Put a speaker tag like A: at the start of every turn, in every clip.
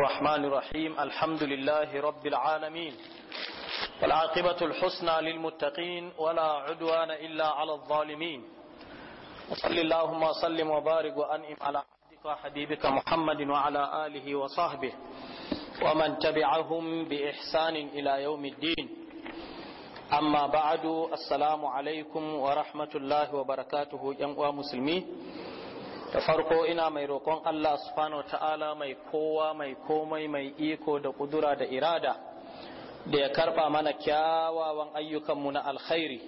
A: الرحمن الرحيم الحمد لله رب العالمين والعاقبة الحسنى للمتقين ولا عدوان إلا على الظالمين وصل اللهم وسلم وبارك وأنئم على عبدك وحبيبك محمد وعلى آله وصحبه ومن تبعهم بإحسان إلى يوم الدين أما بعد السلام عليكم ورحمة الله وبركاته يا مسلمين da farko ina mai roƙon Allah subhanahu ta'ala mai kowa mai komai mai iko da kudura da irada da ya karba mana kyawawan ayyukanmu na alkhairi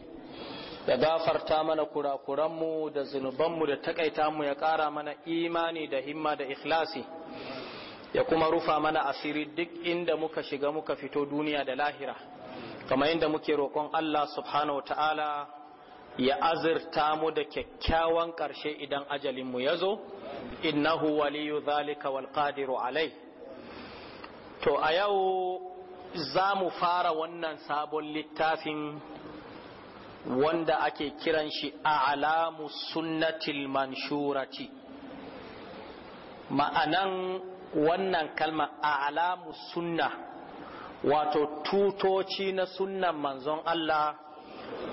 A: ya gafarta mana kurakuranmu da zunubanmu da takaita mu ya ƙara mana imani da himma da ikhlasi ya kuma rufa mana asiri duk inda muka shiga muka fito duniya da lahira kamar inda muke roƙon Allah subhanahu ta'ala ya azurta mu da kyakkyawan ƙarshe idan ajalinmu ya zo innahu waliyu zalika wal qadiru alai to a yau za mu fara wannan sabon littafin wanda ake kiran shi a'lamu sunnatil manshurati ma'anan wannan kalma a'lamu sunna wato tutoci na sunnan manzon Allah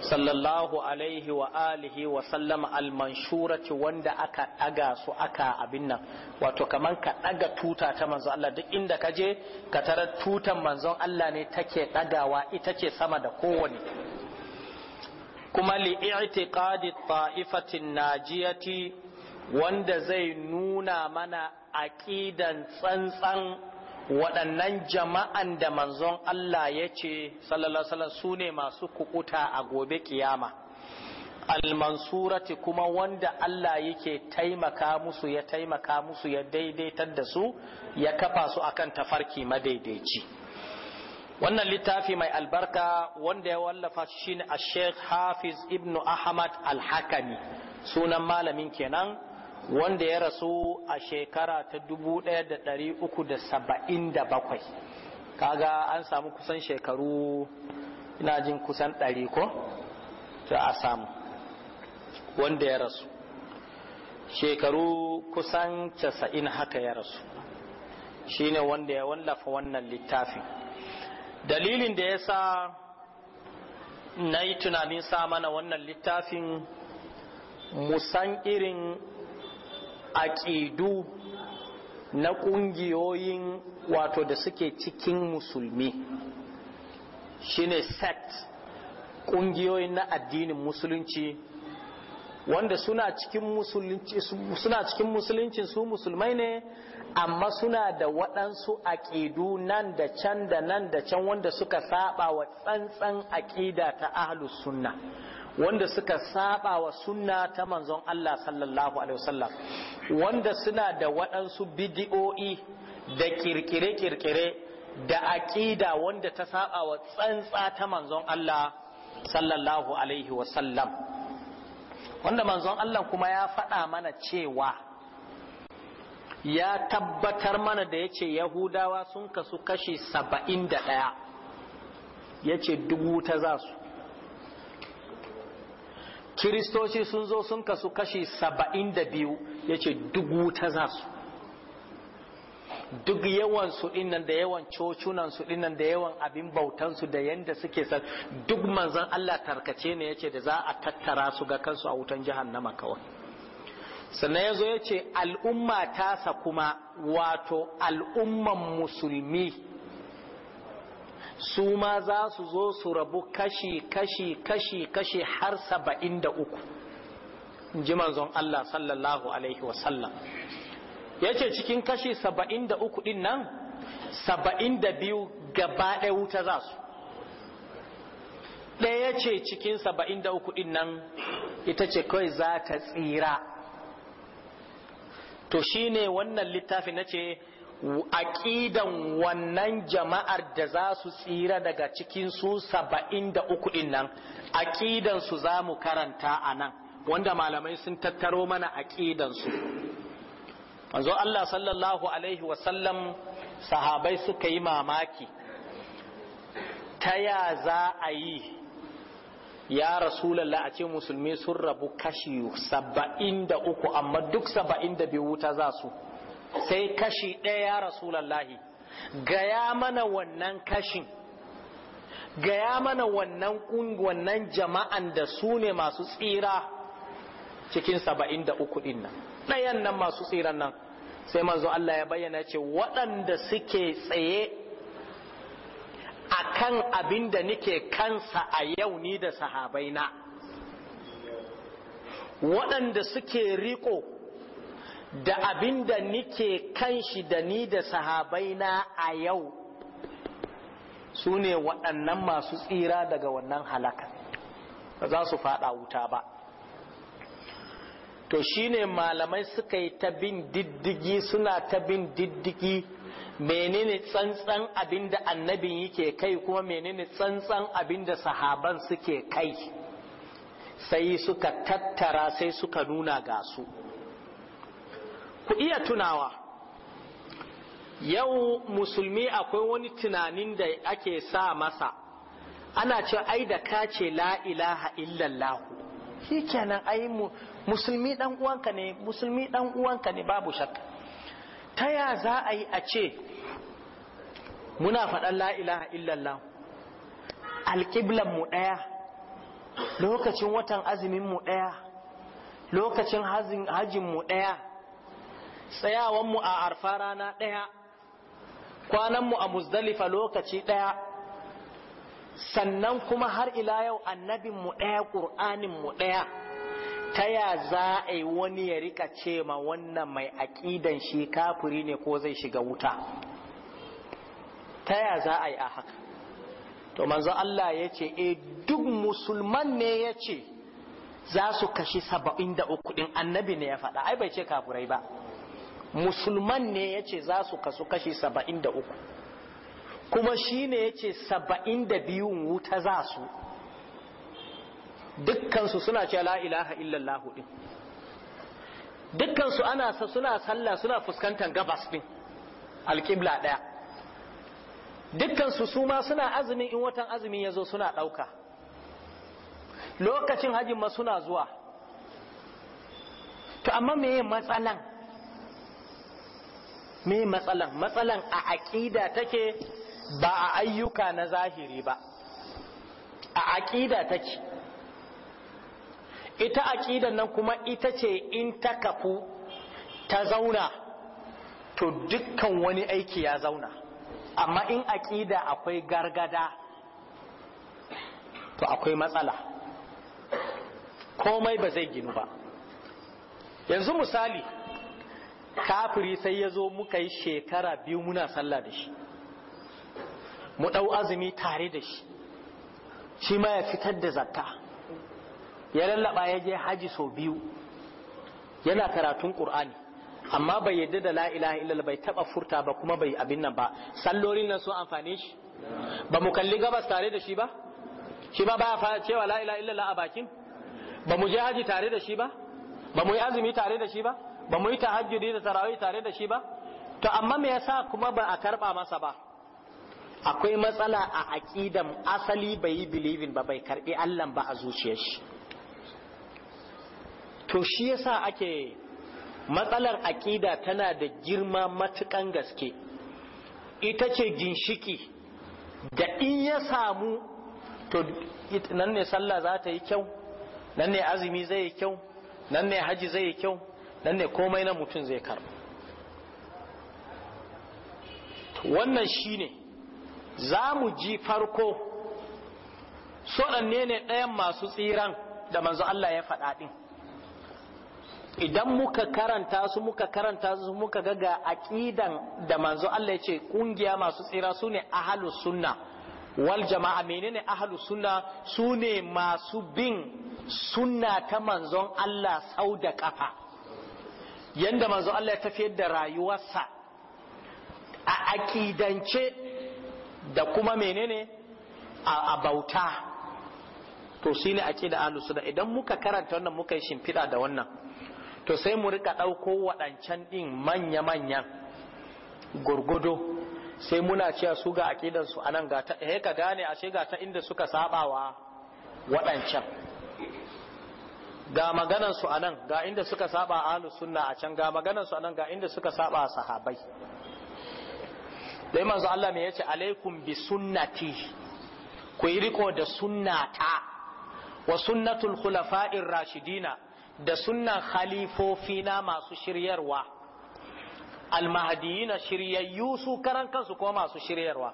A: sallallahu alaihi wa alihi wa sallam almanshurati wanda aka daga su aka abin nan wato kaman ka daga tuta ta manzon Allah duk inda ka je ka tarar tutan manzon Allah ne take dagawa ita ce sama da kowane kuma li i'tiqadi ta'ifatin najiyati wanda zai nuna mana aqidan tsantsan waɗannan jama'an da manzon Allah ya ce sallallahu su ne masu kukuta a gobe kiyama almansurati kuma wanda Allah yake taimaka musu ya taimaka musu ya daidaitar da su ya kafa su akan tafarki madaidaici wannan littafi mai albarka wanda ya wallafa shi ne a sheikh hafiz ibnu ahmad al-hakami sunan malamin kenan wanda ya rasu a shekara ta 1377 kaga an samu kusan shekaru ina jin kusan 100 ko to a samu wanda ya rasu shekaru kusan casa'in haka ya rasu shine wanda ya wallafa wannan littafin dalilin da ya sa na yi tunanin sa mana wannan littafin musan irin aƙidu na ƙungiyoyin wato da suke cikin musulmi shine sect ƙungiyoyin na addinin musulunci wanda suna cikin musulunci suna cikin musulunci su musulmai ne amma suna da waɗansu aƙidu nan da can da nan da can wanda suka saba wa tsantsan aƙida ta ahlus sunna wanda suka saba wa sunna ta manzon Allah sallallahu alaihi wasallam wanda suna da waɗansu bidi'o'i da kirkire-kirkire da aƙida wanda ta saba wa tsantsa ta manzon Allah sallallahu alaihi wasallam wanda manzon Allah kuma ya faɗa mana cewa ya tabbatar mana da ya ce yahudawa sun kasu kashi saba'in da ɗaya ya ce dubu ta za su kiristoci sun zo sun kasu kashi saba'in da biyu ya ce duk wuta za su duk yawan su dinnan da yawan cocunan su dinnan da yawan abin bautansu da yanda suke san duk manzon Allah tarkace ne ya ce da za a tattara su ga kansu a wutan jahannama kawai sannan ya zo ya ce al'umma tasa kuma wato al'umman musulmi su ma za su zo su rabu kashi kashi kashi kashi har saba'in da uku ji manzon Allah sallallahu alaihi wasallam ya ce cikin kashi saba'in da uku din nan saba'in da biyu gaba ɗaya wuta za su ɗaya ce cikin saba'in da uku din nan ita ce kawai za ta tsira to shine wannan littafi na ce aƙidan wannan jama'ar da za su tsira daga cikin su saba'in da uku nan aƙidan su za mu karanta a nan wanda malamai sun tattaro mana aƙidan su manzo Allah sallallahu alaihi wasallam sahabai suka yi mamaki ta ya za a yi ya rasulallah a ce musulmi sun rabu kashi saba'in da uku amma duk saba'in da biyu wuta za su sai kashi ɗaya ya rasu rasulallahi gaya mana wannan kashin gaya mana wannan wannan jama'an da su ne masu tsira cikin saba'in da uku ɗin nan ɗayan nan masu tsiran nan sai manzo Allah ya bayyana ce waɗanda suke tsaye a kan abin da nike kansa a yau ni da sahabaina waɗanda suke riko da abin da nike kan shi da ni da sahabaina a yau su ne waɗannan masu tsira daga wannan halaka ba za su faɗa wuta ba to shine malamai suka yi ta bin diddigi suna ta bin diddigi menene tsantsan abin da annabin yake kai kuma menene tsantsan abin da sahaban suke kai sai suka tattara sai suka nuna ga su ku iya tunawa yau musulmi akwai wani tunanin da ake sa masa ana ce ai da ka ce la ilaha illallahu shi kenan ai musulmi dan uwanka ne musulmi dan uwanka ne babu shakka ta ya za a yi a ce muna faɗan la ilaha illallah alƙiblan mu ɗaya lokacin watan azumin mu ɗaya lokacin hajjin mu ɗaya tsayawanmu a arfa rana ɗaya kwananmu a muzdalifa lokaci ɗaya sannan kuma har ila yau annabinmu ɗaya ƙur'aninmu ɗaya ta ya za a yi wani ya rika ce ma wannan mai aƙidan shi kafiri ne ko zai shiga wuta ta ya za a yi a haka to manzo Allah ya ce e duk musulman ne ya ce za su kashi saba'in da uku ɗin annabi ne ya faɗa ai bai ce kafurai ba musulman ne ya ce za su kasu kashi saba'in da uku kuma shi ne ya ce saba'in da biyun wuta za su dukkansu suna ce la ilaha illallah din dukkansu ana sa suna sallah suna fuskantar gabas din alƙibla ɗaya dukkansu su ma suna azumin in watan azumin ya zo suna ɗauka lokacin hajji ma suna zuwa to amma me matsalan me matsalan matsalan a aƙida take ba a ayyuka na zahiri ba a aƙida take ita aƙidan nan kuma ita ce in ta kafu ta zauna to dukkan wani aiki ya zauna amma in aƙida akwai gargada to akwai matsala komai ba zai ginu ba yanzu misali kafiri sai ya zo muka yi shekara biyu muna sallah da shi mu ɗau azumi tare da shi shi ma ya fitar da zakka ya lallaba ya je haji sau biyu yana karatun ƙur'ani amma bai yadda da la'ilaha illallah bai taɓa furta ba kuma bai abin nan ba sallolin nan sun amfane shi ba mu kalli gabas tare da shi ba shi ba ba fa cewa la'ilaha illallah a bakin ba mu je haji tare da shi ba ba mu yi azumi tare da shi ba ba mu yi tahajjudi da tarawih tare da shi ba to amma me yasa kuma ba a karba masa ba akwai matsala a aqidan asali bai yi believing ba bai karbi Allah ba a zuciyar shi to shi yasa ake matsalar aqida tana da girma matukan gaske ita ce ginshiki da in ya samu to nan ne sallah za ta yi kyau nan ne azumi zai yi kyau nan ne haji zai yi kyau dan ne komai na mutum zai karba wannan shine za mu ji farko soɗanne ne ɗayan masu tsiran da manzo Allah ya faɗa ɗin idan muka karanta su muka karanta su muka ga ga aqidan da manzo Allah ya ce kungiya masu tsira su ne ahlus sunna wal jama'a menene ahlus sunna su ne masu bin sunna ta manzon Allah sau da kafa yanda manzo Allah ya tafiyar da rayuwarsa a akidance da kuma menene a bauta to shine akida ahlus sunna idan muka karanta wannan muka yi shimfiɗa da wannan to sai mu rika ɗauko waɗancan ɗin manya-manyan gurgudo sai muna cewa su ga aƙidansu a nan ga ta eh, ka gane ashe ga ta inda suka sabawa waɗancan ga maganan su anan ga inda suka saba ahlus sunna a can ga maganan su anan ga inda suka saba sahabai dai manzo Allah me yace alaikum bi sunnati ku yi riko da sunnata wa sunnatul khulafa'ir rashidina da sunnan khalifofina masu shiryarwa almahadiyina shiryayyu su karan kansu kuma masu shiryarwa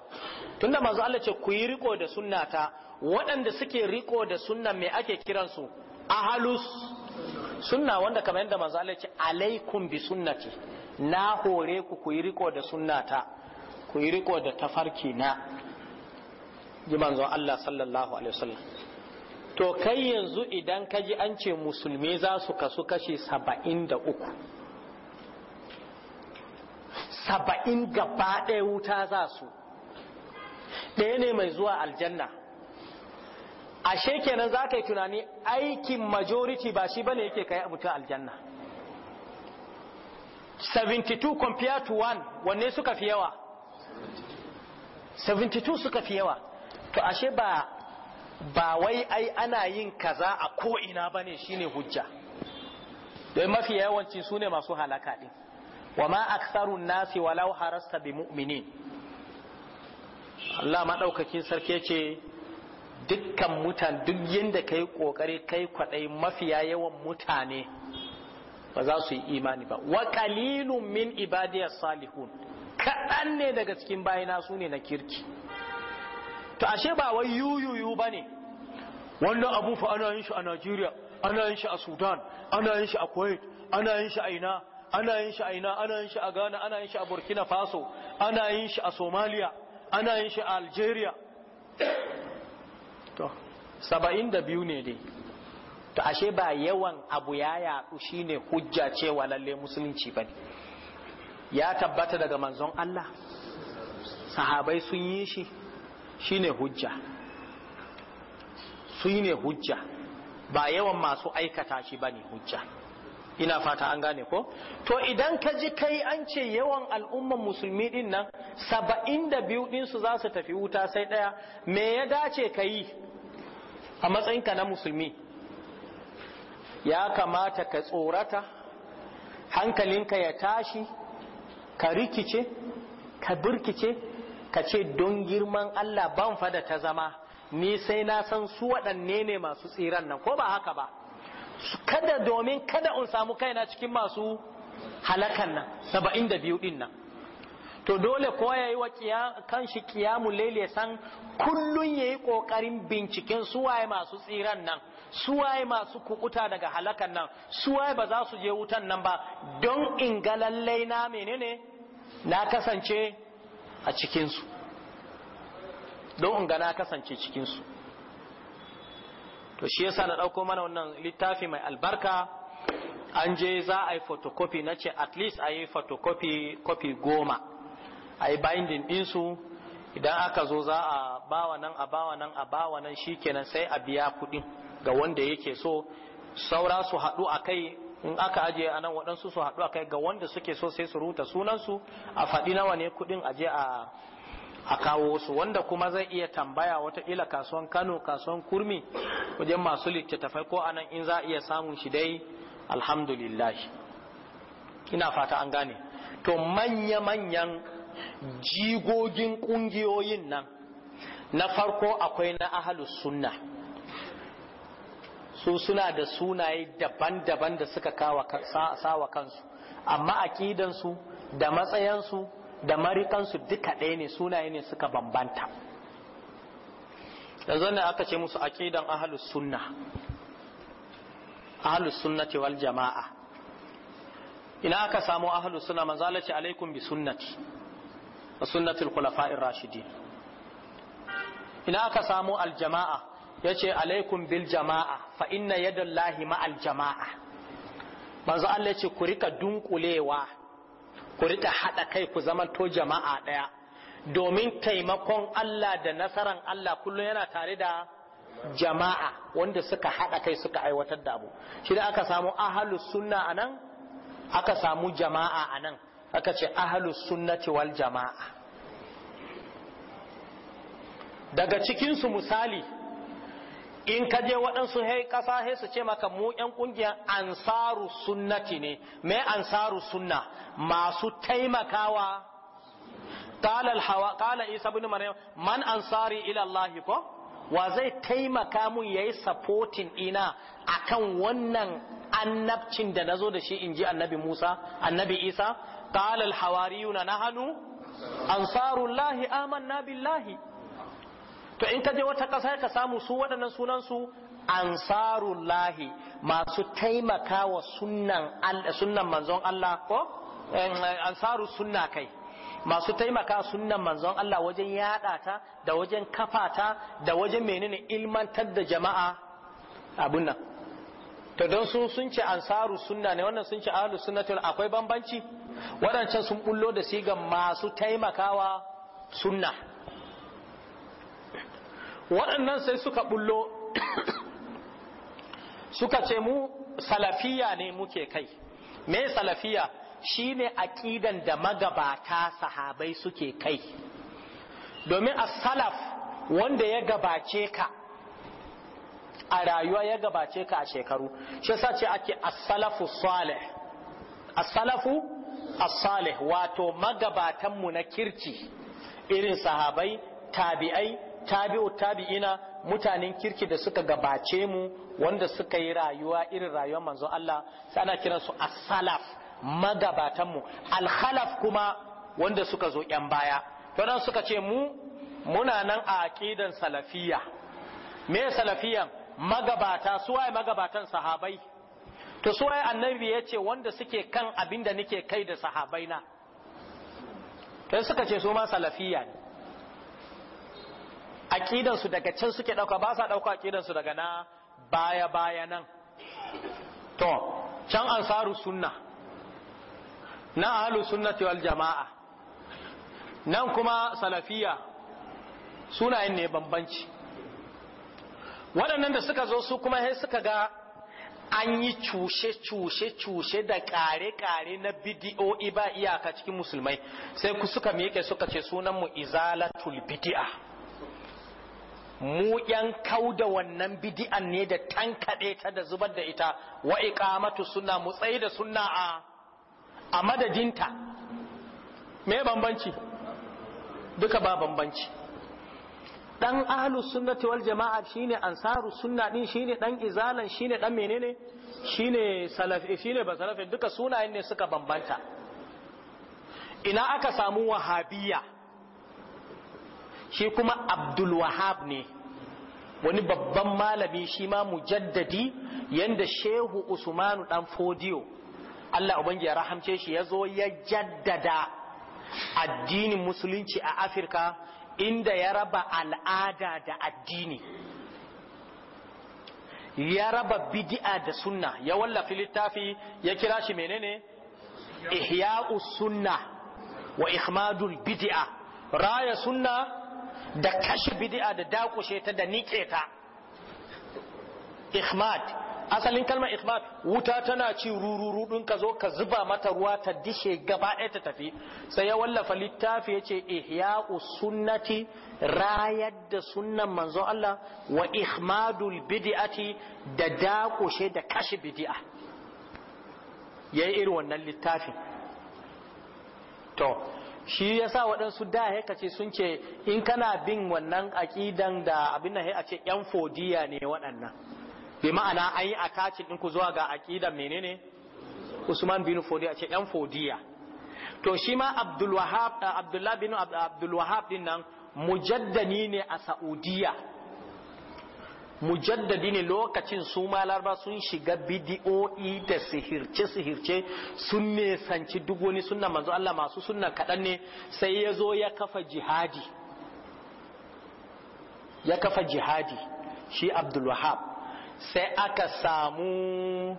A: tunda manzo Allah ce ku yi riko da sunnata waɗanda suke riko da sunnan me ake kiransu ahalus sunna wanda kamar yadda manzo Allah ya ce alaikum bi sunnati na hore ku ku yi riko da sunnata ku yi riko da tafarki na ji manzo Allah sallallahu alaihi wasallam to kai yanzu idan ka ji an ce musulmi za su kasu kashe saba'in da uku saba'in gaba ɗaya wuta za su ɗaya ne mai zuwa aljanna ashe kenan za ka yi tunani aikin majority ba shi bane yake kai ta aljanna 72 compared to 1 wanne suka fi yawa 72 suka fi yawa to ashe ba ba wai ai ana yin kaza a ko ina bane shine hujja don mafi yawanci sune masu halaka ɗin wa ma aksarun nasi walau harasta bi mu'minin Allah daukakin sarki ce dukkan mutan duk yadda ka yi ƙoƙari kai kwaɗai mafiya yawan mutane ba za su yi imani ba wa qalilun min ibadiyar salihun kaɗan ne daga cikin bayina su ne na kirki to ashe ba wai yuyuyu ba ne wannan abu fa ana yin shi a Najeriya ana yin shi a Sudan ana yin shi a Kuwait ana yin shi a ina ana yin shi a ina ana yin shi a Ghana ana yin shi a Burkina Faso ana yin shi a Somalia ana yin shi a Algeria saba'in da biyu ne dai to ashe ba yawan abu ya yaɗu shine hujja cewa lalle musulunci ba ne ya tabbata daga manzon Allah sahabai sun yi shi shine hujja yi ne hujja ba yawan masu aikata shi ba ne hujja ina fata an gane ko to idan ka ji kai an ce yawan al'umman musulmi din nan saba'in da biyu ɗinsu za su tafi wuta sai ɗaya me ya dace ka yi a matsayinka na musulmi ya kamata ka tsorata hankalinka ya tashi ka rikice ka birkice ka ce don girman Allah ban fada ta zama ni sai na san su waɗanne ne masu tsiran nan ko ba haka ba kada domin kada in samu kaina cikin masu halakan nan saba'in da biyu nan to dole ko ya yi wa kanshi kiyamu lele san kullun ya yi ƙoƙarin binciken suwaye masu tsiran nan suwaye masu kukuta daga halakan nan suwaye ba za su je wutan nan ba don in ga lallai na menene na kasance a cikinsu don in ga na kasance cikinsu to shi yasa na ɗauko mana wannan littafi mai albarka an je za a yi photocopy na ce at least a yi photocopy goma a yi binding ɗinsu idan aka zo za a bawa nan a bawa nan a bawa nan shikenan sai a biya kuɗin ga wanda yake so saura su haɗu a kai in aka ajiye a nan waɗansu su haɗu a kai ga wanda suke so sai su ruta sunansu a faɗi nawa ne kuɗin a je a kawo su wanda kuma zai iya tambaya wataƙila kasuwan kano kasuwan kurmi wajen masu littattafai ko anan in za a iya samun shi dai alhamdulillah ina fata an gane to manya-manyan jigogin ƙungiyoyin nan na farko akwai na ahalus sunna su suna da sunaye daban-daban da suka sawa kansu amma aƙidansu da matsayansu da marikansu duka ɗaya ne sunaye ne suka bambanta yanzu ne aka ce musu aƙidan ahalus sunna ahalus sunnati wal jama'a ina aka samu ahalus sunna manzo alaikum bi sunnati wa sunnatul khulafa'ir rashidin ina aka samu aljama'a yace alaikum bil jama'a fa inna yadallahi ma aljama'a manzo Allah yace ku rika dunkulewa ku rika hada kai ku zaman to jama'a daya domin taimakon Allah da nasaran Allah kullun yana tare da jama'a wanda suka hada kai suka aiwatar da abu shi da aka samu ahlus sunna anan aka samu jama'a anan aka ce ahalus sunnati wal jama'a daga cikinsu misali in ka je waɗansu hei ƙasa hei su ce maka mu ‘yan ƙungiyar ansaru sunnati ne mai ansaru sunna masu taimakawa hawa ƙala isa bin maryam man ansari ilallahi ko wa zai taimaka mun yayi supporting ina akan wannan annabcin da na zo da shi inji annabi Musa annabi Isa قال الحواريون نحن انصار ansarullahi امننا billahi to in kaje je wata ƙasa ka samu su waɗannan sunan su ansarullahi masu taimaka wa sunnan manzon Allah ko ansaru sunna kai masu taimaka sunnan manzon Allah wajen yada ta da wajen kafa ta da wajen menene ilmantar da jama'a abun nan to don su sun ce ansaru sunna ne wannan sun ce ahlus sunnatul akwai bambanci waɗancan sun bullo da sigan masu taimakawa sunna waɗannan sai suka bullo suka ce mu salafiya ne muke kai me salafiya shine aƙidan da magabata sahabai suke kai domin a salaf wanda ya gabace ka a rayuwa ya gabace ka a shekaru shi sa ce ake as-salafu salih as-salafu as-salih wato magabatan mu na kirki irin sahabai tabi'ai tabi'u tabi'ina mutanen kirki da suka gabace mu wanda suka yi rayuwa irin rayuwar manzon Allah sai ana kiransu as-salaf magabatan mu al-khalaf kuma wanda suka zo yan baya to nan suka ce mu muna nan a aqidan salafiyya me salafiyan magabata su magabatan sahabai to su ai annabi ya ce wanda suke kan abin da nake kai da sahabaina to suka ce su ma salafiya ne aqidan su daga can suke dauka ba sa dauka aqidan su daga na baya baya nan to can ansaru sunna na ahlu sunnati wal jamaa nan kuma salafiya sunayen ne bambanci waɗannan da suka zo su kuma sai suka ga an yi cushe-cushe-cushe da kare-kare na bidiyo ba iyaka cikin musulmai sai ku suka miƙe suka ce sunan sunanmu izalatul bidi'a mu yan kau da wannan bidi'an ne da tankaɗe ta da zubar da ita wa iqamatu sunna mu tsaye da sunna a madadinta me bambanci duka ba bambanci dan ahlu sunnati wal jama'a shine ansaru sunna din shine dan izalan shine dan menene shine salaf eh, shine ba duka sunayen ne suka bambanta ina aka samu wahabiyya shi kuma abdul wahab ne wani babban malami shi ma mujaddadi yanda shehu usmanu dan fodiyo Allah ubangi ya rahamce shi ya ya jaddada addinin musulunci a Afirka inda ya raba al'ada da addini ya raba bid'a da sunna ya wallafi littafi ya kira shi menene ihya'u sunna wa ihmadun bid'a raya sunna da kashe bid'a da dakushe ta da nike ta ihmad asalin kalmar ikhmat wuta tana ci rururu din ka zo ka zuba mata ruwa ta dishe gaba ɗaya ta tafi sai ya wallafa littafi yace ihya'u sunnati rayar da sunnan manzon Allah wa ihmadul bid'ati da dakushe da kashe bid'a yayi irin wannan littafin to shi yasa waɗansu da haka ce sun ce in kana bin wannan aƙidan da abin nan a ce yan fodiya ne waɗannan bi ma'ana an yi attachin ɗinku zuwa ga aƙidan menene usman bin fodiya ce yan fodiya to shi ma eh, abdullah bin abdulwahab din nan mujaddani ne a saudiya mujaddadi ne lokacin su ma larba sun shiga bidi'o'i da sihirce-sihirce sun nesanci duk wani sunna manzo Allah masu sunna kaɗan ne sai ya zo ya kafa jihadi ya kafa jihadi shi abdulwahab sai aka samu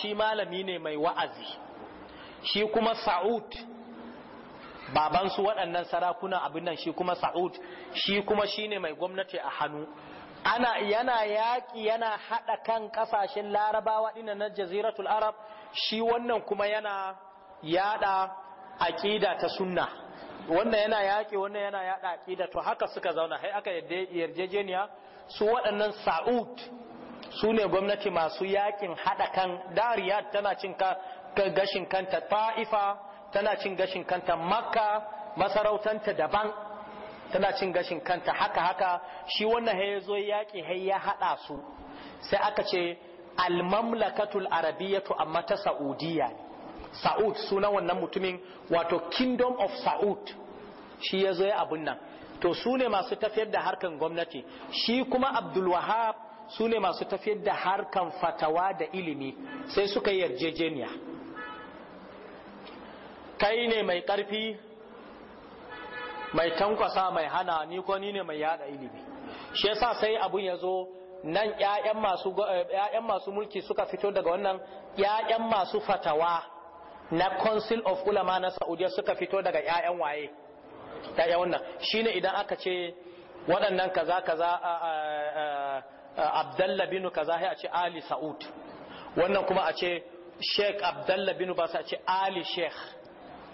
A: shi malami ne mai wa'azi shi kuma sa'ud babansu waɗannan sarakuna abin nan shi kuma sa'ud shi kuma shi ne mai gwamnati a hannu ana yana yaƙi yana haɗa kan ƙasashen larabawa ɗina na jaziratul arab shi wannan kuma yana yaɗa aƙida ta sunna wannan yana yaƙi wannan yana yaɗa aƙida to haka suka zauna sai aka yarjejeniya su waɗannan sa'ud su ne gwamnati masu yaƙin haɗa kan dariya tana cin gashin kanta ta'ifa tana cin gashin kanta makka masarautanta daban tana cin gashin kanta haka haka shi wannan ya zo yaƙi hai ya haɗa su sai aka ce al almamlakatul arabiyatu amma ta sa'udiyya ne sa'ud sunan wannan mutumin wato kingdom of sa'ud shi ya zo ya abun nan to su ne masu tafiyar da harkan gwamnati shi kuma abdulwahab su ne masu tafiyar da harkan fatawa da ilimi sai suka yi yarjejeniya kai ne mai karfi mai tankwasa mai hana ni ko ni ne mai yada ilimi shi yasa sai abun ya zo nan 'ya'yan eh, masu mulki suka fito daga wannan 'ya'yan masu fatawa na council of ulama na saudiya suka fito daga 'ya'yan waye ta wannan. Shi shine idan aka ce waɗannan kaza kaza abdallah binu kaza a ce ali sa'ud wannan kuma a ce sheikh abdallah binu ba a ce ali sheikh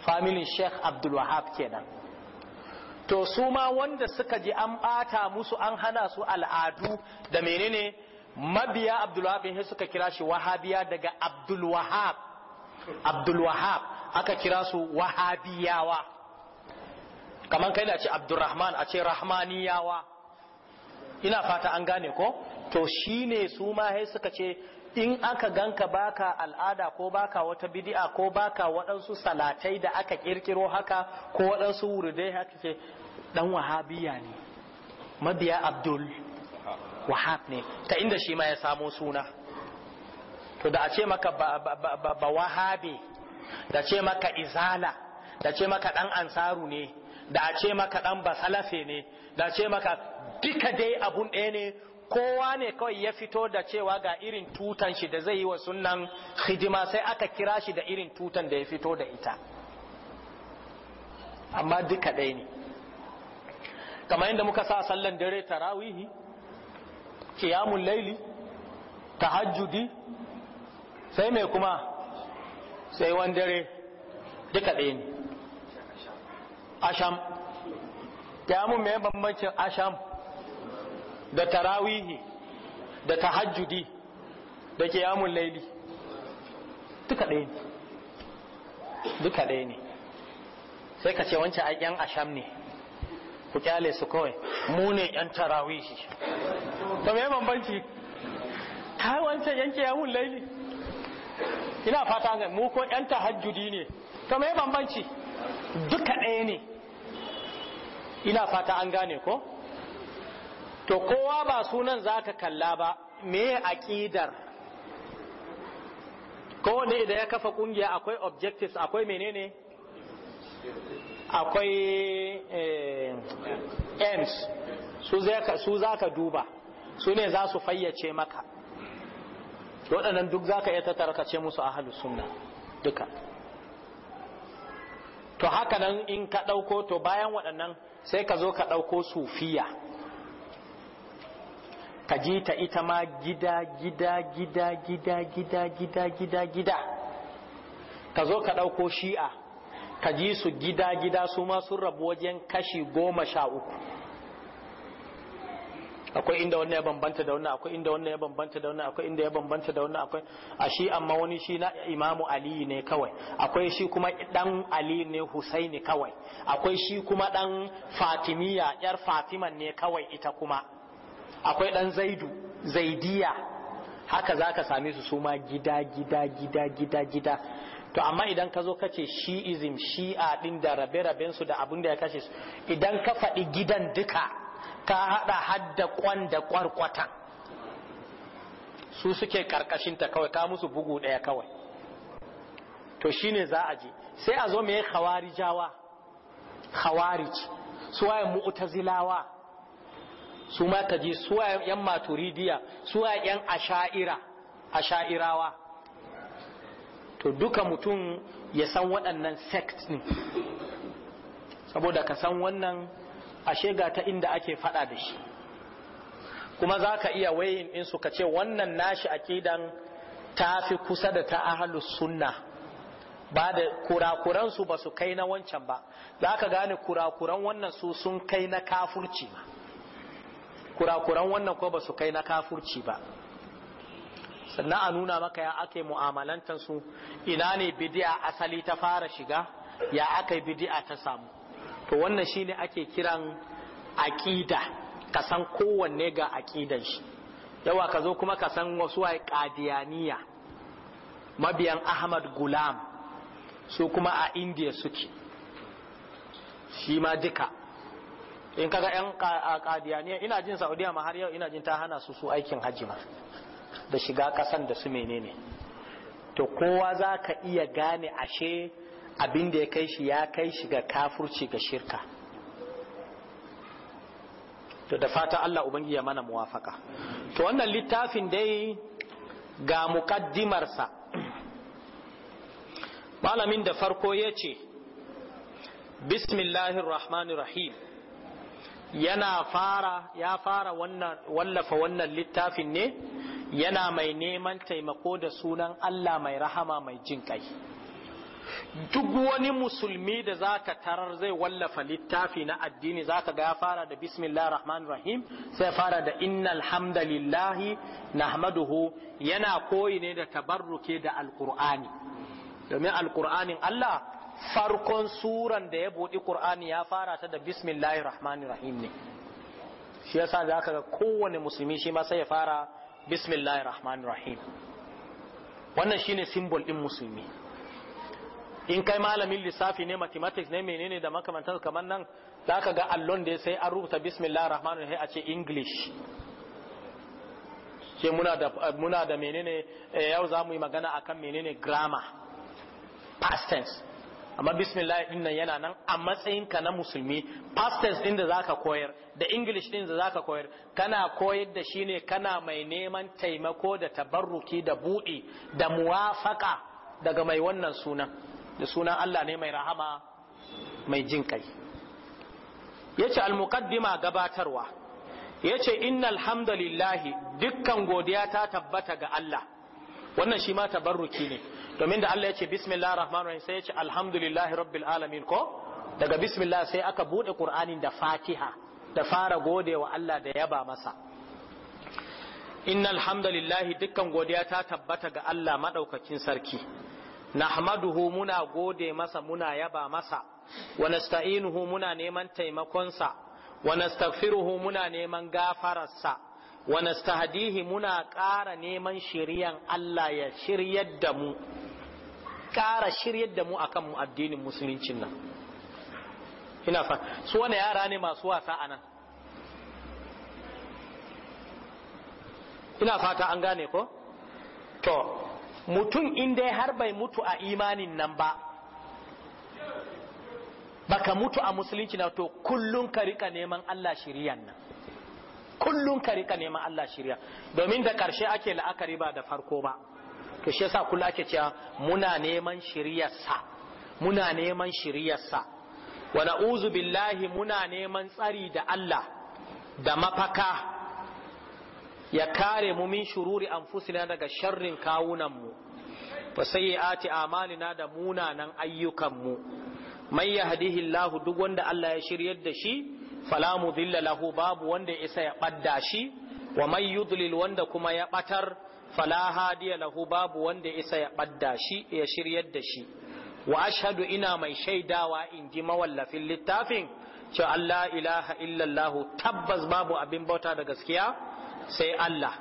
A: familin sheikh abdul wahab kenan to su ma wanda suka ji an ɓata musu an hana su al'adu da menene mabiya abdul wahab suka kira shi wahabiya daga abdul wahab Abdulwahab aka kira su wahabiyawa kamar kai da ce abdurrahman a ce rahmaniyawa ina fata an gane ko to shine su ma sai suka ce in aka ganka baka al'ada ko baka wata bidi'a ko baka waɗansu salatai da aka kirkiro haka ko waɗansu wurudai haka ce dan wahabiya ne mabiya abdul wahab ne ta inda shi ma ya samo suna to da a ce maka ba wahabe da ce maka izala da ce maka dan ansaru ne da a ce maka dan basalafe ne da ce maka duka dai abun ɗaya ne kowa ne kawai ya fito da cewa ga irin tutan shi da zai yi wa sunan hidima sai aka kira shi da irin tutan da ya fito da ita amma duka ɗaya ne kamar yadda muka sa sallan dare tarawihi kiyamun laili tahajjudi sai mai kuma sai wandare duka ɗaya ne asham ya mun mai bambancin asham da tarawihi da tahajjudi da kiyamun laili duka ɗaya ne duka ɗaya ne sai ka ce wancan ai yan asham ne ku kyale su kawai mu ne yan tarawihi to me bambanci kai wancan yanke kiyamun laili ina fata ga mu ko yan tahajjudi ne to me bambanci duka ɗaya ne ina fata an gane ko to kowa ba sunan zaka kalla ba me aqidar kowane idan ya kafa ƙungiya akwai objectives akwai menene akwai eh, aims su zaka duba su ne za su fayyace maka waɗannan duk za zaka iya tattara musu ahlus sunna duka to haka nan in ka ɗauko to bayan waɗannan sai ka zo ka ɗauko sufiya ka ji ta ita ma gida gida gida gida gida gida gida gida ka zo ka ɗauko shi'a ka ji su gida gida su ma sun rabu wajen kashi goma sha uku akwai inda wannan ya bambanta da wannan akwai inda wannan ya bambanta da wannan akwai inda ya bambanta da wannan akwai a shi amma wani shi na imamu ali ne kawai akwai shi kuma dan ali ne husaini kawai akwai shi kuma dan fatimiya yar fatiman ne kawai ita kuma akwai dan zaidu zaidiya haka zaka same su suma gida gida gida gida gida to amma idan ka zo ka ce shi'izm shi'a din da rabe-raben su da abin da ya kashe su idan ka faɗi gidan duka ta haɗa hadda kwan da kwarkwata su suke ƙarƙashinta kawai ka musu bugu ɗaya kawai to shine za a je sai a zo mai khawarijawa khawarij suwaye mu'tazilawa su ma ka ji suwaye yan maturidiya suwaye yan asha'ira asha'irawa to duka mutum ya san waɗannan sect ne saboda ka san wannan ashe ga ta inda ake fada da shi kuma za ka iya wayin in suka ce wannan nashi akidan ta fi kusa da ta ahalus sunna ba da kurakuransu ba su kai na wancan ba za ka gane kurakuran wannan su sun kai na kafurci ba kurakuran wannan ko ba su kai na kafurci ba sannan a nuna maka ya ake mu'amalantansu ina ne bidi'a asali ta fara shiga ya aka yi bidi'a ta samu to wannan shi ne ake kiran aqida ka san kowanne ga aqidan shi yawa ka zo kuma ka san wasu ai qadiyaniya mabiyan Ahmad Gulam su kuma a India suke shi ma duka in kaga yan qadiyaniya ina jin Saudiya ma har yau ina jin ta hana su su aikin haji ma da shiga kasan da su menene to kowa za ka iya gane ashe abin da ya kai shi ya kai shi ga kafurci ga shirka to da fata Allah ubangi ya mana muwafaka to wannan littafin dai ga muƙaddimarsa malamin da farko ya ce bismillahirrahmanirrahim yana fara ya fara wallafa wannan littafin ne yana mai neman taimako da sunan Allah mai rahama mai jin kai duk wani musulmi da zaka tarar zai wallafa littafi na addini zaka ga ya fara da bismillah rahman rahim sai fara da innal hamdalillahi nahmaduhu yana koyi ne da tabarruke da alkur'ani domin alkur'anin Allah farkon suran da ya buɗi ƙur'ani ya fara ta da bismillahir rahmanir rahim ne shi yasa zaka ga kowane musulmi shi ma sai ya fara bismillahir rahmanir rahim wannan shine simbol din musulmi in kai malamin lissafi ne mathematics ne menene da makamantan kamar nan ka ga allon da sai an rubuta bismillah rahman rahim a ce english ke muna da muna da menene eh, yau za mu yi magana a kan menene grammar past tense amma bismillah din nan yana nan a matsayin ka na musulmi past tense din da za ka koyar da english din da za ka koyar kana koyar da shi ne kana mai neman taimako da tabarruki da buɗe da muwafaka daga mai wannan sunan da sunan Allah ne mai rahama mai jin kai yace al-muqaddima gabatarwa yace innal hamdalillahi dukkan godiya ta tabbata ga Allah wannan shi ma tabarruki ne domin da Allah yace bismillahir rahmanir rahim sai ce alhamdulillahi rabbil alamin ko daga bismillah sai aka bude qur'anin da fatiha da fara gode wa Allah da yaba masa innal hamdalillahi dukkan godiya ta tabbata ga Allah madaukakin sarki nahmaduhu muna gode masa muna yaba masa wa nasta'inuhu muna neman taimakonsa wa nastaghfiruhu muna neman gafararsa wa muna ƙara neman shiriyan Allah ya shiryar da mu ƙara shiryar da mu akan mu addinin musuluncin nan ina yara ne masu wasa anan ina fata an gane ko mutum in dai har bai mutu a imanin nan ba baka mutu a musulunci na to kullum ka rika neman Allah shiriyan nan kullum ka rika neman Allah shirya domin da karshe ake la'akari ba da farko ba to shi yasa kullum ake cewa muna neman shiriyarsa muna neman shiriyarsa wa na'uzu billahi muna neman tsari da Allah da mafaka ya kare mu min shururi anfusina daga sharrin kawunan mu wa sayyiati amalina da munanan ayyukan mu may yahdihillahu duk wanda Allah ya shiryar da shi fala mudilla lahu babu wanda isa ya badda shi wa may yudlil wanda kuma ya batar fala hadiya lahu babu wanda isa ya badda shi ya shiryar da shi wa ashhadu ina mai shaidawa in ji mawallafin littafin cewa Allah ilaha illallah tabbas babu abin bauta da gaskiya sai Allah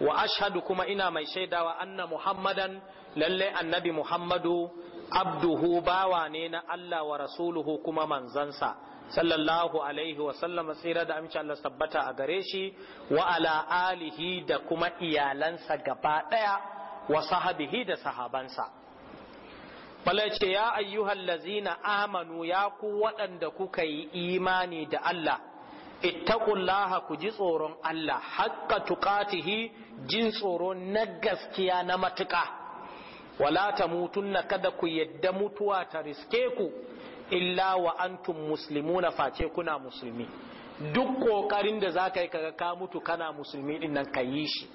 A: wa ashhadu kuma ina mai shaidawa anna muhammadan lalle annabi muhammadu abduhu bawa ne na Allah wa rasuluhu kuma manzansa sallallahu alaihi wa sallama tsira da amince Allah tabbata a gare shi wa ala alihi da kuma iyalansa gaba daya wa sahabihi da sahabansa Bala ce ya ayyuhan lazina amanu ya ku waɗanda kuka yi imani da Allah ittaqullaha ku ji tsoron Allah haƙƙa tuqatihi jin tsoro na gaskiya na matuƙa wala tamutunna kada ku yadda mutuwa ta riske ku illa wa antum muslimuna face kuna musulmi duk ƙoƙarin da zaka yi kaga ka mutu kana musulmi din nan ka yi shi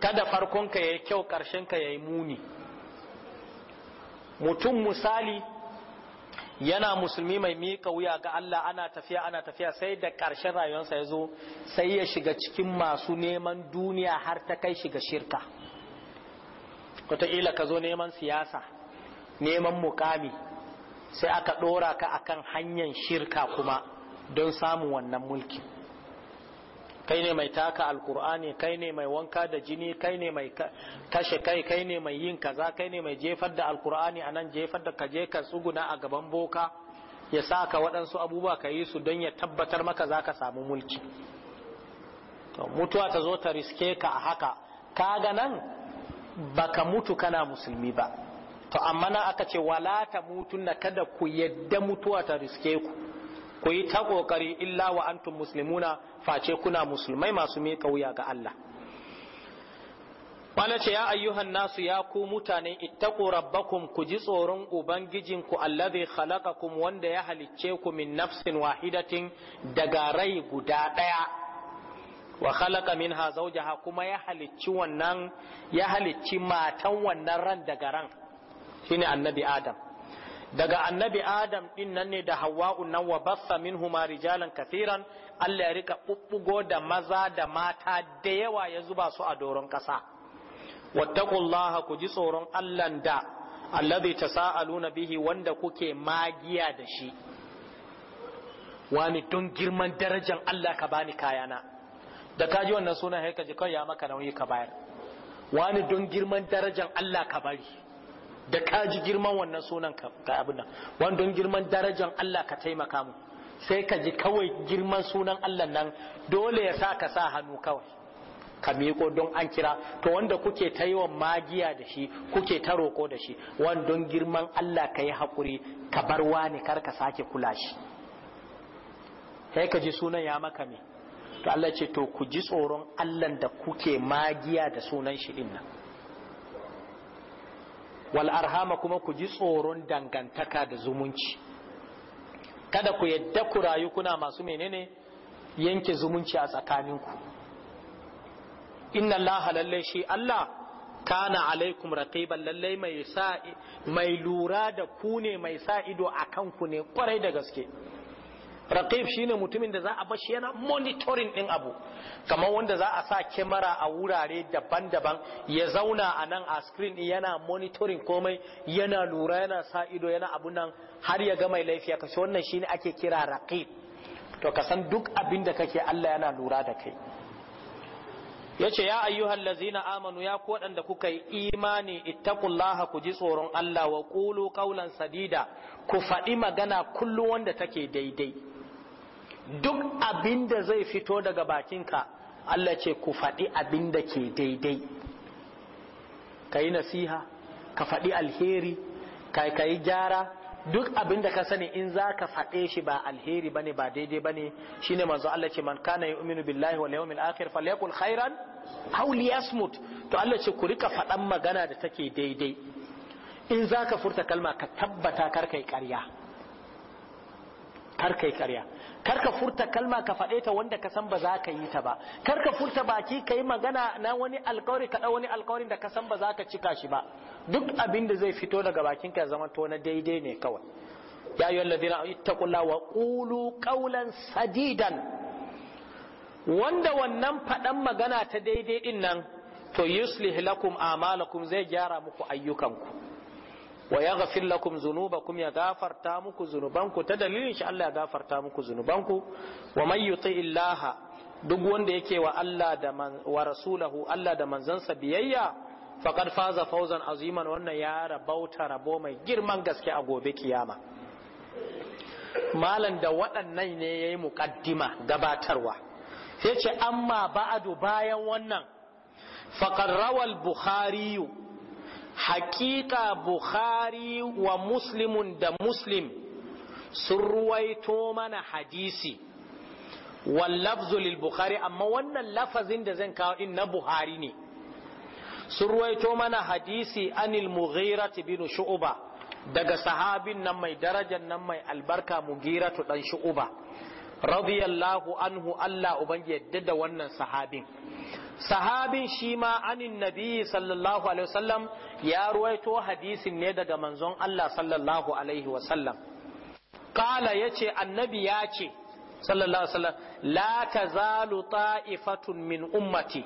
A: kada farkon ka yayi kyau karshen ka yayi muni mutum misali yana musulmi mai miƙa wuya ga Allah ana tafiya ana tafiya sai da ƙarshen rayuwarsa ya zo sai ya shiga cikin masu neman duniya har ta kai shiga shirka wataƙila ka zo neman siyasa neman mukami sai aka ɗora ka akan hanyar shirka kuma don samun wannan mulkin kai ne mai taka alkur'ani kai ne mai wanka da jini kai ne mai kashe kai kai ne mai yin kaza kai ne mai jefar da alkur'ani a nan jefar da kaje ka tsuguna a gaban boka ya sa ka waɗansu abubuwa ka yi su don ya tabbatar maka za ka samu mulki mutuwa ta zo ta riske ka a haka kaga nan baka mutu kana musulmi ba to amma na aka ce wala ta na kada ku yadda mutuwa ta riske ku ku yi ta ƙoƙari illa wa antum muslimuna face kuna musulmai masu miƙa wuya ga Allah Kwana ce ya ayyuhan nasu ya ku mutane ittaqu rabbakum ku ji tsoron ubangijinku allazi khalaqakum wanda ya halicce ku min nafsin wahidatin daga rai guda ɗaya wa khalaqa minha zawjaha kuma ya halicci wannan ya halicci matan wannan ran daga ran shine annabi adam daga annabi adam din nan ne da hawa'un nan wa bassa huma rijalan kathiran Allah ya rika bubbugo da maza da mata da yawa ya zuba su a doron kasa wattaqullaha ku ji tsoron Allah da allazi tasaaluna bihi wanda kuke magiya da shi wani don girman darajan Allah ka bani kayana da ji wannan sunan haika ji kai ya maka nauyi ka bayar wani don girman darajan Allah ka bari da kaji girman wannan sunan ka abin nan wandon girman darajan Allah ka taimaka mu sai ka ji kawai girman sunan Allah nan dole ya sa ka sa hannu kawai ka miƙo don an kira to wanda kuke ta yawan magiya da shi kuke ta roƙo da shi wandon girman Allah ka yi haƙuri ka bar wani kar ka sake kula shi sai ka ji sunan ya maka me to Allah ce to ku ji tsoron Allah da kuke magiya da sunan shi din nan wal arhama kuma ku ji tsoron dangantaka da zumunci kada ku yadda ku rayu kuna masu menene yanke zumunci a tsakaninku inna allaha lallai shi allah kana alaikum raqiban lallai mai sa mai lura da ku ne mai sa ido akan ku ne kwarai da gaske raqib shine mutumin da za a bashi yana monitoring din abu kamar wanda za a sa kyamara a wurare daban-daban ya zauna a nan a screen din yana monitoring komai yana lura yana sa ido yana abu nan har ya ga mai laifi ya kashe wannan shine ake kira raqib to ka san duk abin da kake Allah yana lura da kai yace ya ayyuhal ladzina amanu ya ku waɗanda kuka yi imani ittaqullaha ku ji tsoron Allah wa qulu qawlan sadida ku faɗi magana kullu wanda take daidai duk abin da zai fito daga bakinka Allah ce ku faɗi abin da ke daidai ka yi nasiha ka faɗi alheri ka yi gyara duk abin da ka sani in za ka faɗe shi ba alheri bane ba daidai bane ne manzo Allah ce man kana yu'minu billahi wal yawmil akhir falyakul khairan aw liyasmut to Allah ce ku rika faɗan magana da take daidai in za ka furta kalma ka tabbata kar kai ƙarya kar kai ƙarya Kar ka furta kalma ka faɗe ta wanda ka san ba za ka yi ta ba Kar ka furta baki ka yi magana na wani alkawari ka wani alkawarin da ka san ba za ka cika shi ba duk abin da zai fito daga bakin ka zama to na daidai ne kawai ya ayyuhal ladina ittaqullaha wa qulu qawlan sadidan wanda wannan faɗan magana ta daidai din nan to yuslih lakum a'malakum zai gyara muku ayyukanku wa ya fillakum lakum dhunubakum ya gafarta muku zunubanku ta dalilin shi Allah ya gafarta muku zunubanku wa man yuti illaha duk wanda yake wa Allah da man wa rasulahu Allah da manzansa biyayya faqad faza fawzan aziman wannan ya rabauta rabo mai girman gaske a gobe kiyama malan da waɗannan ne yayi muqaddima gabatarwa yace amma ba'adu bayan wannan faqad rawal bukhariyu hakika bukhari wa muslimun da muslim sun ruwaito mana hadisi wallafzu lil bukhari amma wannan lafazin da zan kawo in na buhari ne sun ruwaito mana hadisi anil mughirati bin shu'uba daga sahabin nan mai darajar nan mai albarka mugiratu dan shu'uba radiyallahu anhu Allah ubangi yadda da wannan sahabin sahabin shi ma anin nabi sallallahu alaihi wasallam ya ruwaito hadisin ne daga manzon Allah sallallahu alaihi wasallam kala yace annabi ya ce sallallahu alaihi wasallam la tazalu ta'ifatun min ummati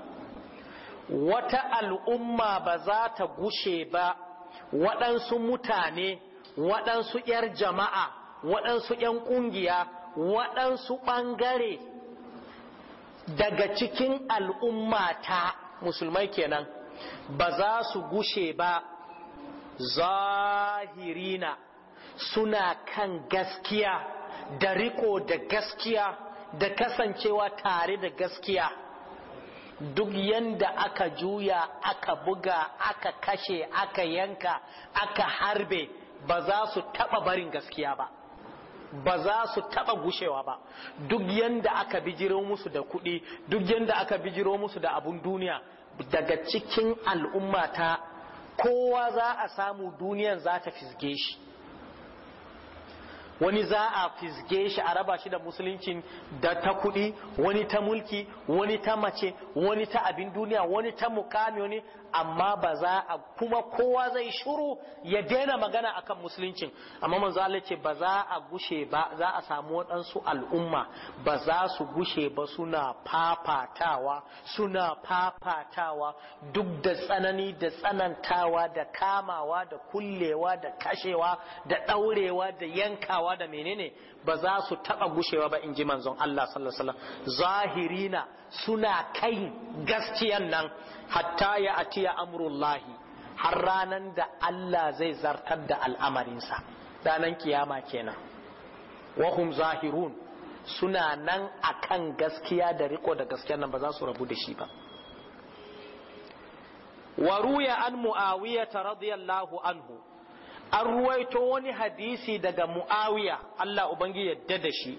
A: wata al'umma ba za ta gushe ba waɗansu mutane waɗansu ‘yar jama'a waɗansu ‘yan ƙungiya waɗansu ɓangare daga cikin al'umma ta musulmai kenan ba za su gushe ba zahirina suna kan gaskiya da riko da gaskiya da kasancewa tare da gaskiya duk yanda aka juya aka buga aka kashe aka yanka aka harbe ba za su taɓa barin gaskiya ba ba za su taba gushewa ba duk yanda aka bijiro musu da kuɗi duk yanda aka bijiro musu da abun duniya daga cikin al'umma ta kowa za a samu duniyan za ta fisge shi wani za a fisge shi a raba shi da musuluncin da ta kuɗi wani ta mulki wani ta mace wani ta abin duniya wani ta mukami wani amma ba za a kuma kowa zai shuru ya daina magana akan musuluncin amma manzo Allah ce ba za a gushe ba za a samu waɗansu al'umma ba za su gushe ba suna fafatawa suna fafatawa duk da tsanani da tsanantawa da kamawa da kullewa da kashewa da ɗaurewa da yankawa da menene ba za su taɓa gushewa ba in ji manzon Allah sallallahu alaihi zahirina suna kai gaskiyan nan hatta ya atiya amrullahi har ranar da Allah zai zartar da al'amarinsa ranan kiyama kenan wahum zahirun suna nan akan gaskiya da riko da gaskiyan nan ba za su rabu da shi ba wa ruya an رضي radiyallahu anhu. an ruwaito wani hadisi daga muawiya Allah ubangi yadda da shi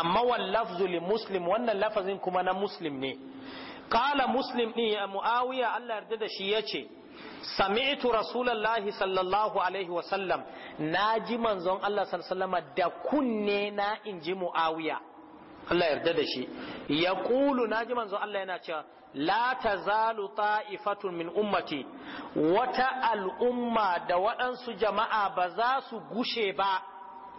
A: amma wani lafzu li muslim wannan lafazin kuma na muslim ne Kala muslim din muawiya Allah yadda da shi yace sami'tu rasulallahi sallallahu alaihi wa sallam ji manzon Allah sallallahu alaihi da kunne na inji muawiya Allah yarda da shi ya kulu na ji manzo Allah yana cewa la tazalu ta'ifatun min ummati wata al'umma da waɗansu jama'a ba za su gushe ba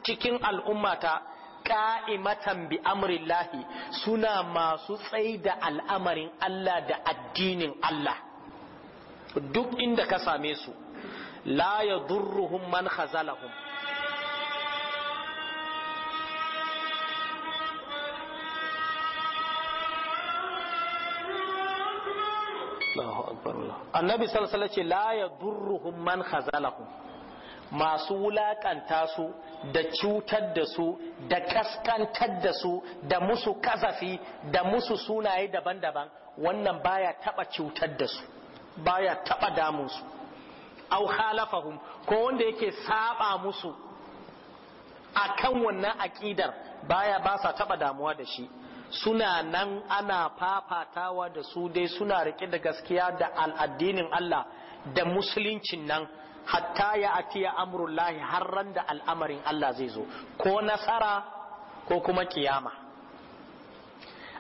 A: cikin al'ummata ka'imatan bi amrillahi suna masu tsaida al'amarin Allah da addinin Allah duk inda ka same su la yadurruhum man khazalahum akbar annabi sallallahu alaihi ce la yadurruhum man khazalahum masu wulaƙanta su da cutar da su da kaskantar da su da musu kazafi da musu sunaye daban-daban wannan baya taba cutar da su baya taba damun su au halafahum ko wanda yake saba musu akan wannan akidar baya ba sa taba damuwa da shi suna nan ana fafatawa da su dai suna rike da gaskiya da al'addinin Allah da musuluncin nan hatta ya atiya amurullahi har ran da al'amarin Allah zai zo ko nasara ko kuma kiyama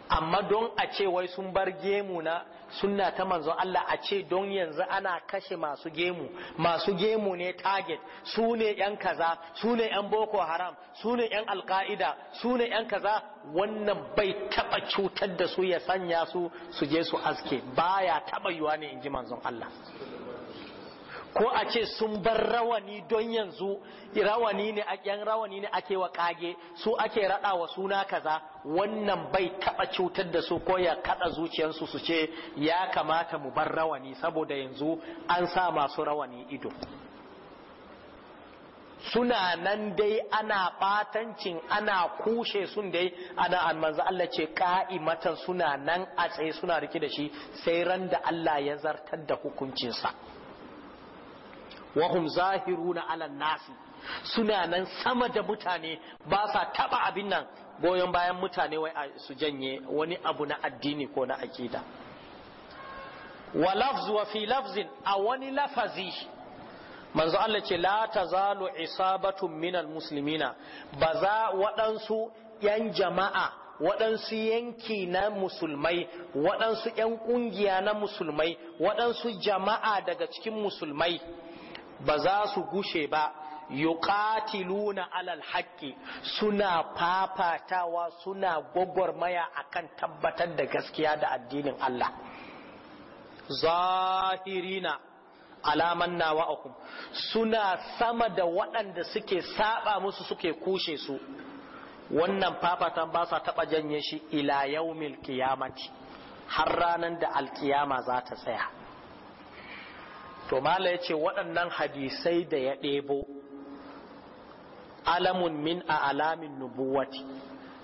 A: amma don a ce wai sun bar gemu na sunna ta manzon Allah a ce don yanzu ana kashe masu gemu masu gemu ne target su ne yan kaza su ne yan boko haram su ne yan alka'ida su ne yan kaza wannan bai taba cutar da su ya sanya su su je su aske baya taba yiwa ne in ji manzon Allah ko a ce sun bar rawani don yanzu rawani ne yan rawani ne ake wa kage su ake rada wa suna kaza wannan bai taba cutar da su ko ya kada zuciyarsu su ce ya kamata mu bar rawani saboda yanzu an sa masu rawani ido suna nan dai ana batancin ana kushe sun dai ana an Allah ce ka'imatan suna nan a tsaye suna rike da shi sai ran da Allah ya zartar da hukuncinsa wa hum zahiruna ala nasi suna nan sama da mutane ba sa taba abin nan goyon bayan mutane wai su janye wani abu na addini ko na akida wa lafzu wa fi lafzin a wani lafazi manzo Allah ce la tazalu isabatu minal muslimina ba za waɗansu yan jama'a waɗansu yanki na musulmai waɗansu yan ƙungiya na musulmai waɗansu jama'a daga cikin musulmai ba za su gushe ba yuqatiluna alal haqqi suna fafatawa suna gwagwarmaya akan tabbatar da gaskiya da addinin Allah zahirina alaman nawa akum suna sama da waɗanda suke saba musu suke kushe su wannan fafatan ba sa taɓa janye shi ila yaumil kiyamati har ranar da alkiyama za ta tsaya to mala ya ce waɗannan hadisai da ya ɗebo alamun min a alamin nubuwati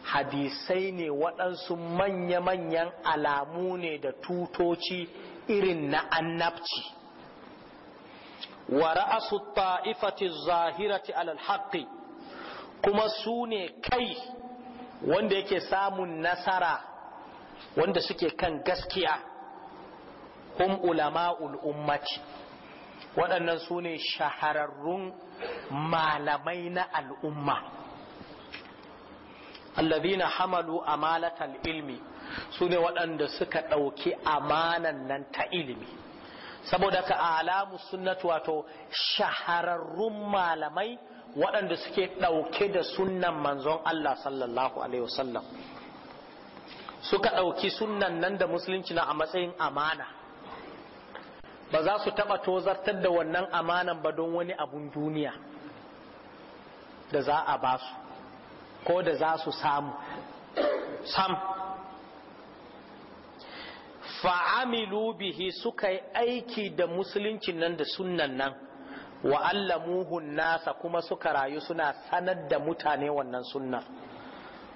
A: hadisai ne waɗansu manya-manyan alamu ne da tutoci irin na annabci wa ra'asu ta'ifati zahirati alal haqqi kuma su ne kai wanda yake samun nasara wanda suke kan gaskiya hum ul ummati waɗannan su ne shahararrun malamai na al'umma allazina hamalu amalatal ilmi su ne waɗanda suka ɗauki amanan nan ta ilmi. saboda ka alamu sunnatu wato shahararrun malamai waɗanda suke ɗauke da sunnan manzon Allah sallallahu alaihi wasallam suka ɗauki sunnan nan da musulunci na a matsayin amana ba za su taɓa tozartar da wannan amanan ba don wani abun duniya da za a ba su ko da za su samu sam fa'amilu bihi suka yi aiki da musulunci nan da sunan nan wa'allamuhun nasa kuma suka rayu suna sanar da mutane wannan sunna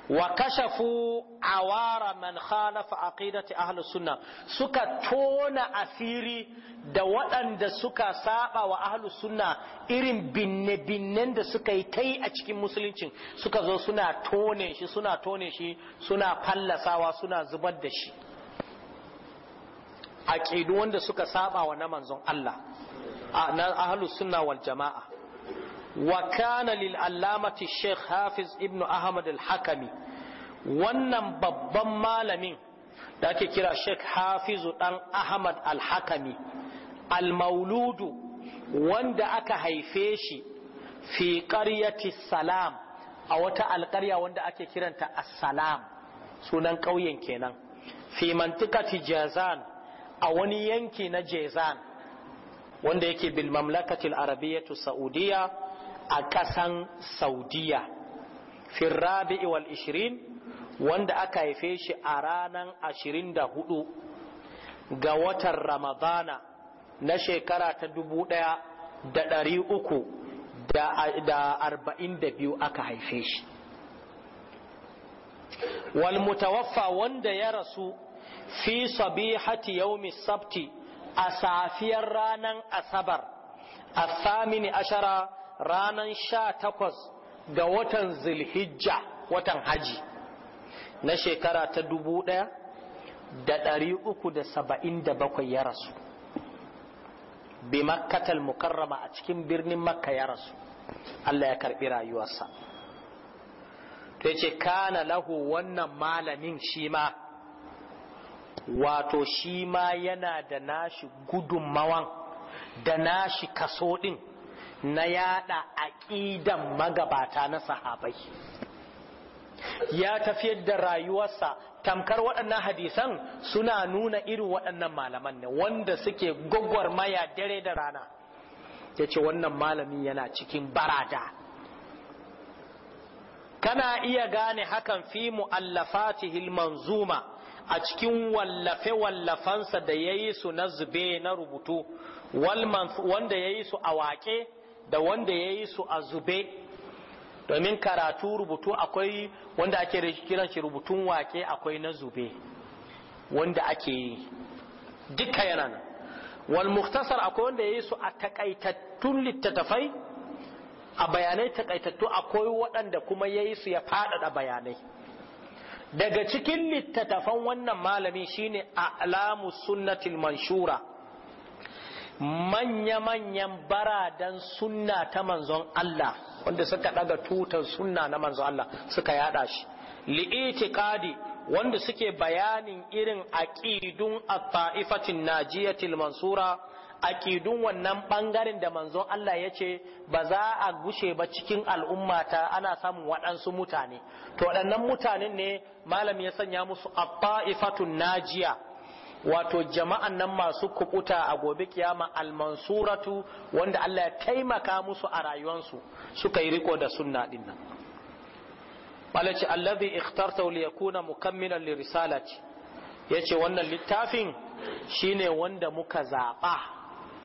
A: wa kashafu awara man khalafa aqidati ahli sunna suka tona asiri da waɗanda suka saɓa wa ahli sunna irin binne-binnen da suka yi tai a cikin musuluncin suka zo suna tone shi suna tone shi suna fallasawa suna zubar da shi aqidu wanda suka saba wa na manzon Allah na ahlus sunna wal wa kana lil allamati sheikh hafiz ibn ahmad al wannan babban malamin da ake kira sheikh hafizu dan ahmad al-hakami al wanda aka haife shi fi qaryati salam a wata alƙarya wanda ake kiranta as sunan ƙauyen kenan fi mantikati jazan a wani yanki na jazan wanda yake bil mamlakatil arabiyyatu Saudiyya. a ƙasan saudiya firrabi wal ishirin wanda aka haife shi a ranar ashirin da hudu ga watan ramadana na shekara ta dubu ɗaya da dari uku da arba'in da biyu aka haife shi wal mutawaffa wanda ya rasu fi sabihati yaumi sabti a safiyar ranar asabar a samini ashara ranan sha takwas ga watan zilhijja watan haji na shekara ta dubu ɗaya da ɗari uku da saba'in da bakwai ya rasu bi makkatal mukarrama a cikin birnin makka ya rasu Allah ya karɓi rayuwarsa to yace kana lahu wannan malamin shi ma wato shi ma yana da nashi gudunmawan da nashi kaso ɗin na yada aqidan magabata na sahabai ya tafiyar da rayuwarsa tamkar waɗannan hadisan suna nuna irin waɗannan malaman ne wanda suke maya dare da rana ya ce wannan malami yana cikin barada kana iya gane hakan fi hilman zuma. a cikin wallafe-wallafansa da ya yi su na zube na rubutu wanda ya yi su a waƙe da wanda ya yi su a zube domin karatu rubutu akwai wanda ake kiran shi rubutun wake akwai na zube wanda ake yi duka yana nan wal muktasar akwai wanda ya yi su a takaitattun littattafai a bayanai takaitattu akwai waɗanda kuma ya yi su ya faɗaɗa bayanai daga cikin littattafan wannan malami shine a alamu sunnatil manshura manya-manyan baradan sunna ta manzon Allah wanda suka daga tutar sunna na manzon Allah suka yada shi li'itikadi wanda suke bayanin irin aƙidun at-ta'ifatin najiyatil mansura aƙidun wannan ɓangaren da manzon Allah ya ce ba za a gushe ba cikin al'ummata ana samun waɗansu mutane to waɗannan mutanen ne malam ya sanya musu a taifatun najiya wato jama'an nan masu kuɓuta a gobe kiyama almansuratu wanda Allah ya taimaka musu a rayuwarsu suka yi riko da sunna din nan malaci allazi ikhtarta li yakuna mukammilan li risalati yace wannan littafin shine wanda muka zaba